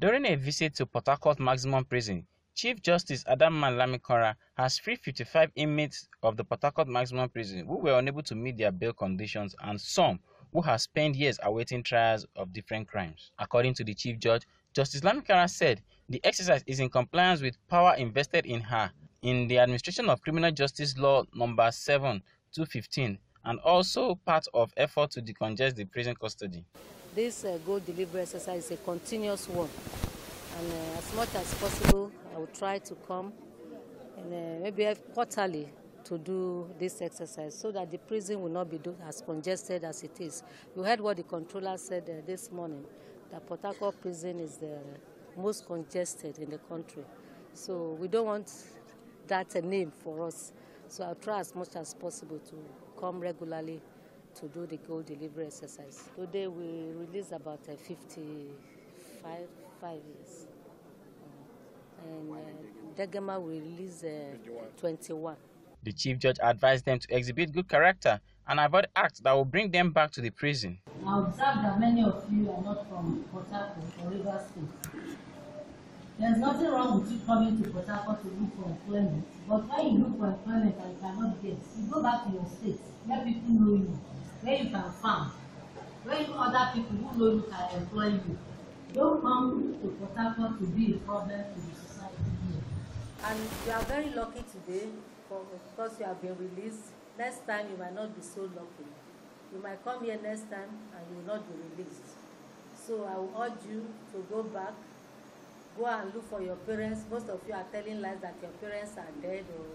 During a visit to Port Harcourt Maximum Prison, Chief Justice Adam Lamikora has freed 55 inmates of the Port Harcourt Maximum Prison who were unable to meet their bail conditions and some who have spent years awaiting trials of different crimes. According to the Chief Judge, Justice Lamikara said the exercise is in compliance with power invested in her in the administration of criminal justice law number 7 215 and also part of effort to decongest the prison custody. This uh, goal delivery exercise is a continuous one. And uh, as much as possible, I will try to come and uh, maybe quarterly to do this exercise so that the prison will not be as congested as it is. You heard what the controller said uh, this morning, that Potako prison is the most congested in the country. So we don't want that a name for us. So I'll try as much as possible to come regularly to do the goal delivery exercise. Today we release about uh, 55 five years. and uh, Dagama will release uh, 21. The chief judge advised them to exhibit good character and avoid acts that will bring them back to the prison. I observe that many of you are not from Port or River State. There's nothing wrong with you coming to Port to look for employment, but when you look for employment and you cannot get, you go back to your state, let people know you. where you can farm, where other people who know you can employ you. Don't come to Port Harcourt to be a problem to the society here. And you are very lucky today for, because you have been released. Next time you might not be so lucky. You might come here next time and you will not be released. So I will urge you to go back, go and look for your parents. Most of you are telling lies that your parents are dead or...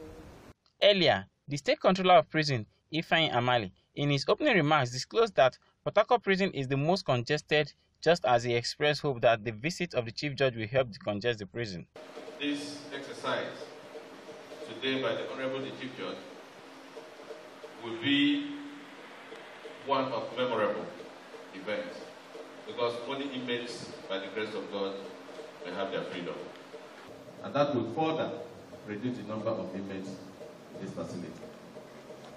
Earlier, the state controller of prison Ifeanyi Amali, in his opening remarks, disclosed that Port Harcourt prison is the most congested, just as he expressed hope that the visit of the Chief Judge will help decongest the prison. This exercise today by the Honorable the Chief Judge will be one of memorable events because only inmates, by the grace of God, may have their freedom. And that will further reduce the number of inmates in this facility.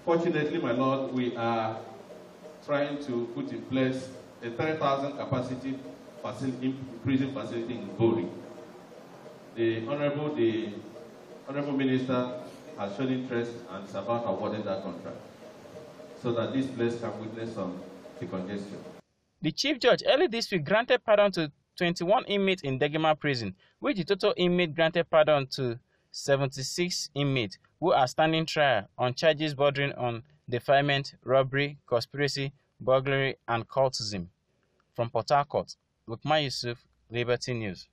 Fortunately, my Lord, we are trying to put in place a 3,000 capacity facility, prison facility in Bori. The Honorable, the Honorable Minister has shown interest and about awarding that contract so that this place can witness some decongestion. The Chief Judge early this week granted pardon to 21 inmates in Degema prison, with the total inmate granted pardon to 76 inmates who are standing trial on charges bordering on defilement, robbery, conspiracy, burglary, and cultism. From Port Harcourt, Lukman Yusuf, Liberty News.